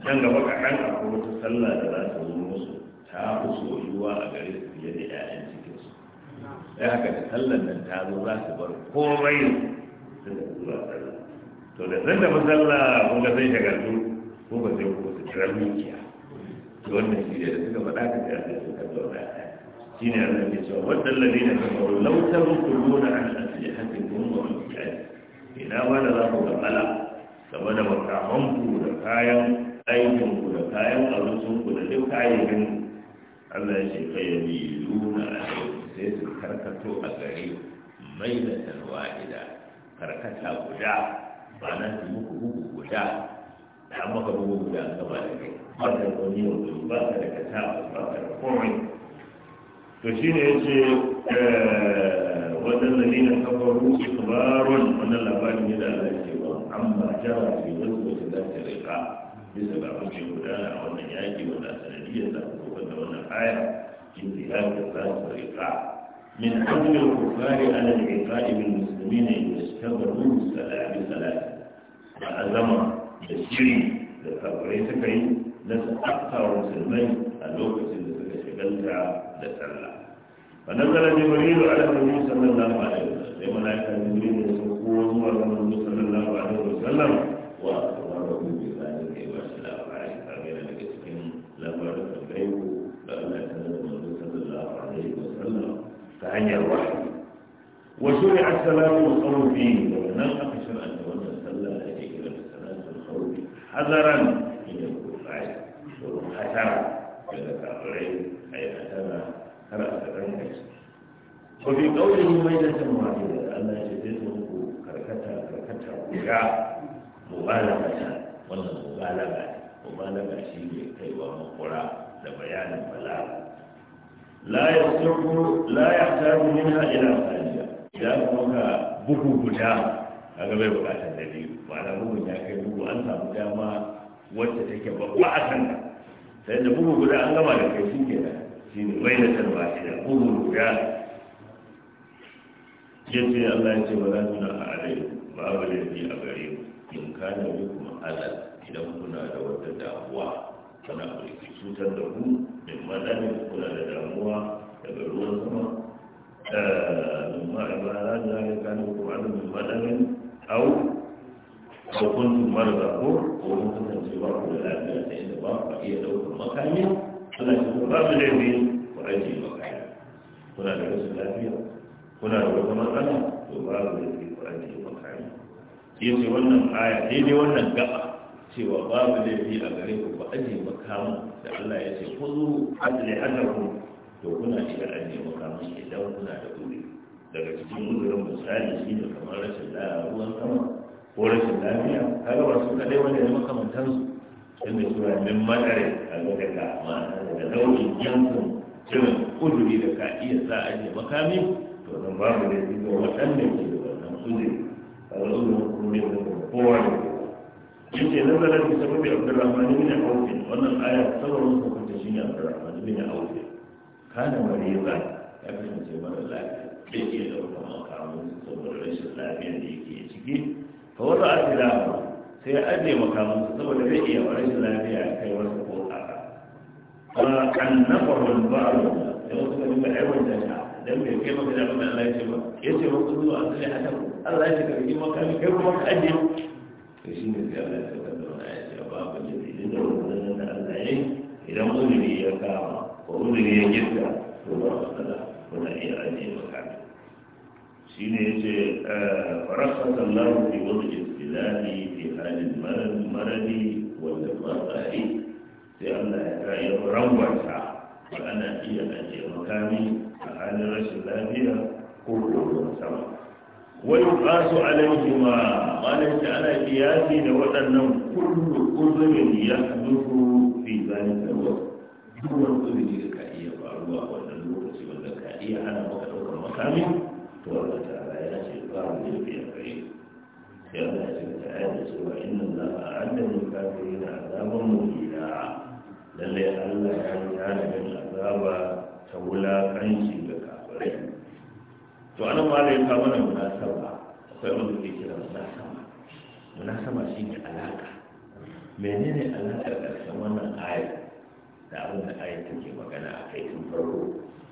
Can gaba kaɗan akwai wata sallah da za ta zo musu ta fi soyuwa a gare su fiye da 'ya'yan cikinsu sai haka da sallar nan ta zo za su bar komai su da zuwa sallah to da sanda masalla kun ga sai shagaltu ko ba sai ku su jira mikiya. to wanda shi da suka faɗa ka ga sai suka zo zauna shi ne Allah ke cewa wannan ladina kafaru law tarkuluna an aslihatin wa mulkiyatin ina ma da za ku gabala game da makamanku da kayan aikinku da kayan abincinku da duk kayan Allah ya ce kai bi luna a sai su karkato a gari mai da talwa karkata guda ba na su muku bugu guda da maka bugu guda ba da kai ba da wani wani ba ka da kata ba ka da komai to shi ne ya ce eh, waɗanda ne na kafaru su kabarun wannan labarin ne da Allah amma jawa ke wasu wasu da ta rika bisa ga abin da gudana a wannan yaki wanda sanadiyar da kuka da wannan aya intihar da za su rika min hajjin kufari ala ne da bil muslimina yastabaru salati salati da azama da shiri da kafirai suka yi na su afkawa musulmai a lokacin da suka shigalta da sallah fa nazala jibrilu ala nabi sallallahu alaihi sai mala'ika jibril ya sauko zuwa ga manzo sallallahu alaihi wasallam wa akbaru bi zalika ya bashi labari kamar daga cikin labarin da kai da Allah ta nuna manzo sallallahu alaihi wasallam ta hanyar wahayi wa shuri'a salatu al-khawf da nan aka shar'anta wannan sallah da ake kira da salatu al-khawf hazaran ila al-qur'an wa hatara daga kafirai ay hatara har a tsaron kai وفي قوله ميلة واحدة أن شدته كركتة كركتة وجاء مبالغة ولا مبالغة مبالغة شيء كي ومقرأ لبيان البلاغة لا يصح لا يحتاج منها إلى فاجة إذا كنت bugu guda a gaba ya bukatar da biyu ma'ana bugun ya kai bugu an samu dama wacce take babba a kan da sai da bugu guda an gama da kai shi ke nan shi ne mai da tarwa shi da bugu guda ya ce Allah ya ce wa za tuna a alai babu laifi a gare ku in kana bi kuma alal idan kuna da wata damuwa kana abu da cutar da ku min madanin kuna da damuwa daga ruwan sama eh, min ma'ibara da ya kana kuma alal min madanin au ko kuntum marza ko ko mun kasance ba ku da lafiya ta inda ba ku iya daukar makami Allah ya ba mu laifi ku aje makami kuna da rashin lafiya kuna da wata matsala to ba ku da ke ƙwararri ya makari ya ce wannan aya daidai wannan gaba cewa babu laifi a gare ku ba ajiye makamu da Allah ya ce ku zo ajiye annakum to kuna iya ajiye makamu idan kuna da uzuri daga cikin uzurin misali shi ne kamar rashin lafiya ruwan sama ko rashin lafiya kaga ba su kadai wanda ya makamantansu inda suna min madare a ga daga ma'ana daga nau'in yankin irin uzuri da ka iya sa ajiye makami domin babu da shi ga waɗanda ke da wannan kuzuri a wasu hukumin hukumin kowa ne yake nazarar da sababi abdurrahman bin auf wannan aya sabon hukunta shine abdurrahman bin auf kana mariza ya kasance mara lafiya bai da ɗaukar makamun saboda rashin lafiyar da yake ciki ka wata asilamu sai ya ajiye makamun saboda zai iya rashin lafiya kai wasu ko a kuma an nafa wani ba'a wani sai wasu kan yi aiwata shi dan bai kai maka da abin Allah ya ce ba ya ce maka zuwa asali hakan Allah ya ce ka rigi maka ne kai kuma ka ajiye to shi ne sai Allah ya ce ka zauna ya ce ba ba ne sai da wannan da Allah ya yi idan uzuri ya kama ko uzuri ya gitta to ba matsala kuna iya ajiye maka shi ne ya ce farasa sallahu fi wani istilali fi halin maradi wanda ba tsari sai Allah ya rangwata ba ana iya ajiye makami a halin rashin lafiya ko dogon sama wani kasu alaiki ma malam ta ana kiyasi da waɗannan kullu uzurin ya zuku fi zanen kalwa duk wani uzuri da ka iya faruwa wannan lokaci wanda ka iya hana maka ɗaukar makami to Allah ta'ala ya ce ba mu ne biya kai sai na ya ce ta ayyana cewa inna Allah a'adda lil kafirin azaban gida. Lallai Allah ya yi tanadin azaba ta wulaƙanci ga kafirai to anan ma da ya mana munasaba akwai wanda ke kira munasaba munasaba shi ne alaƙa menene alaƙar ƙarshen wannan ayat da abin da ayat take magana a kai tun farko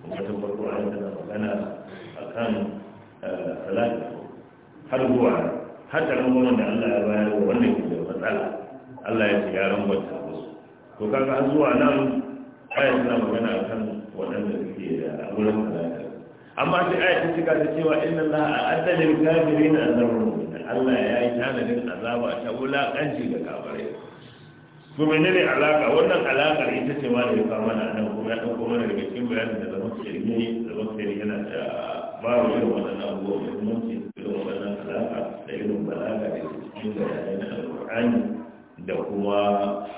kuma tun farko ayat tana magana a kan salatu eh, har zuwa har da rangwamen da Allah ya bayar wa wannan ke da matsala Allah ya ce ya rangwanta musu to kaga har zuwa nan ayat tana magana a kan waɗanda suke da wurin halaka amma sai aya ta cika da cewa inna Allah a addalin kafirin azabun Allah ya yi tanadin azaba ta wulakanci ga kafirai to menene alaka wannan alakar ita ce ma da ya fama na nan kuma ya ɗauko mana daga cikin bayanin da zama kiri ne zama kiri yana da babu irin waɗannan abubuwa mai muhimmanci irin waɗannan alaka da irin balaga da ke cikin bayanai na alƙur'ani da kuma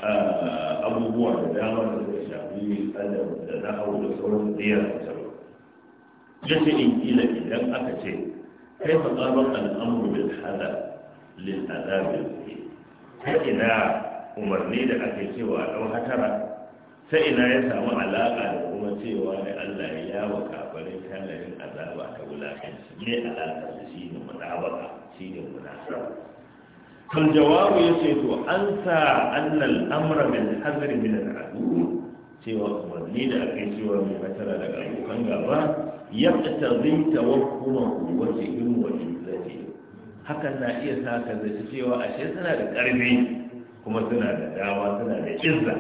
ah, abubuwa da dama da tarbiyyar adam da na'au da sauran riyar da sauran yace in kila idan aka ce kai matsabar al'amuru bil hada lil azabil ta ina umarni da ake cewa ɗan hatara ta ina ya samu alaƙa da kuma cewa da Allah ya yawa kafarin tanarin azaba ta wulaƙanci ne alaƙa da shi ne munabaka shi ne munasara kan jawabu ya ce to an sa annal amra min hazari min al'adu cewa umarni da aka yi cewa mai nasara daga abokan gaba ya ta zinta wa kuma wace irin wace zace hakan na iya sa ka zaci cewa ashe suna da ƙarfi kuma suna da dawa suna da izza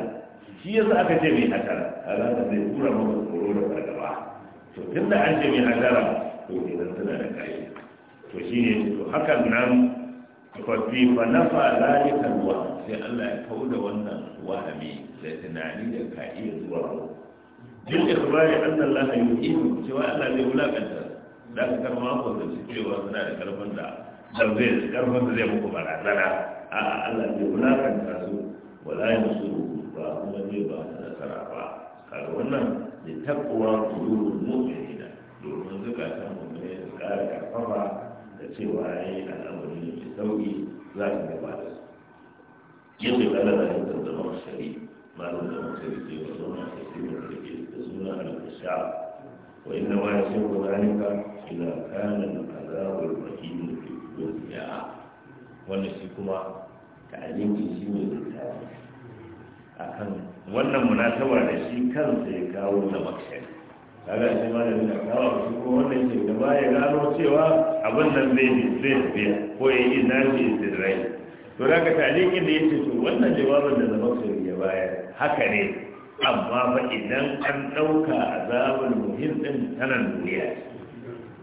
shi ya sa aka ce mai hasara a ranar zai tura maka tsoro da fargaba to tun da an ce mai hasara to idan suna da ƙarfi to shi ne to hakan nan kwafi fa nafa zalikan wa sai Allah ya kau da wannan wahami da tunani da ka iya zuwa ba duk da ba ya an Allah ya yi ihu cewa Allah zai wulakanta da ka karma ko da cewa suna da karfin da zai karfin da zai muku barazana a Allah zai wulakanta su wala ya musu ba kuma zai ba su nasara ba kaga wannan da takwa kulurul mu'minina domin zukatan mu'minai su kara karfafa da cewa yayi al'amari da sauki za su gabata ya ce kana da yin tattama shari malum da mutum da ke wasu na kasimin da ke da suna al-kusha wa inna ma ya shirya zalika ila kana al-azabul rahim fi dunya wannan shi kuma ta'alimi shi ne littafi akan wannan munasaba da shi kansa ya kawo da makshari kaga shi ma da da kawo shi ko wannan shi da ba ya gano cewa abin nan zai zai biya ko ya yi nashi istidrai to da ka talikin da ya ce to wannan jawabin da zama su ya bayar haka ne amma fa idan an ɗauka azabar muhim ɗin tanan duniya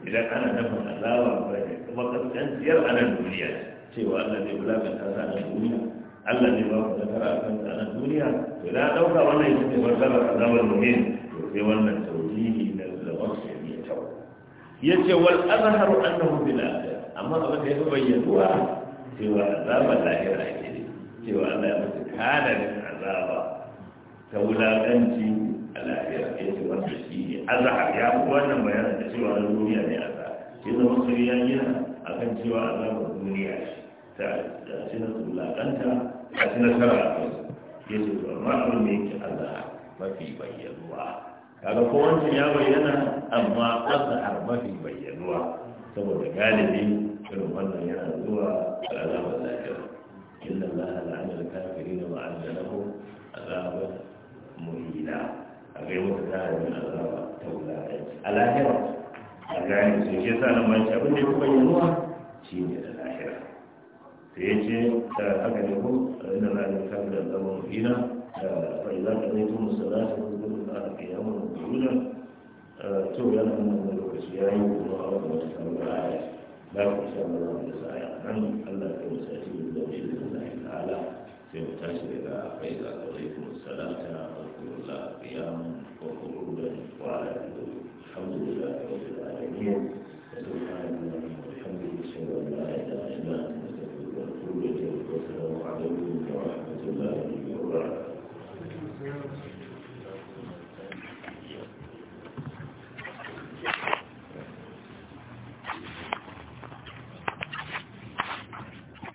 idan ana nufin azaba ba ne kuma kaskanciyar ana duniya cewa allah zai wulakanta ta ana duniya allah ne ba ku tara a kan ana duniya to da ɗauka wannan ya ce martabar azabar muhim to sai wannan tauhidi na zaman su ya tawo ya ce wal azharu annahu bil akhir amma abin da ya fi cewa azabar lahira ake ne cewa Allah ya musu kananin azaba ta wulaƙanci a lahira ya ce wanda shi ne azahar ya fi wannan bayanin da cewa na duniya ne azahar shi zama su yi yana a kan cewa azabar duniya ta ci na wulaƙanta a ci nasara a kansu ya ce to amma abin da yake azahar mafi bayyanuwa kaga ko wancan ya bayyana amma azahar mafi bayyanuwa saboda galibi irin wannan yana zuwa da alamar lafiya inna allaha la'ana al-kafirina wa ajalahu azaban muhina a ga wata tarihin azaba ta wulaƙanci a lahira a gani su ke sa nan manci abin da ya kuma yi ruwa shi ne da lahira sai ya ce ta haka ne ko inna allaha la'ana al-kafirina wa azaban muhina fa'iza ka zai tun musulata ko zuwa da aka yi yawon da to yana nuna lokaci ya yi kuma a wata wata sabuwar ayat لا أقسم الله بالساعة أن أنكم تمسكين بوجه الله تعالى في متاشر إذا فإذا قضيتم الصلاة فاذكروا الله قياما وقعودا وعلى الحمد لله رب العالمين وسبحان الله وبحمده أشهد أن لا إله إلا أنت أستغفرك وأتوب إليك والسلام عليكم ورحمة الله وبركاته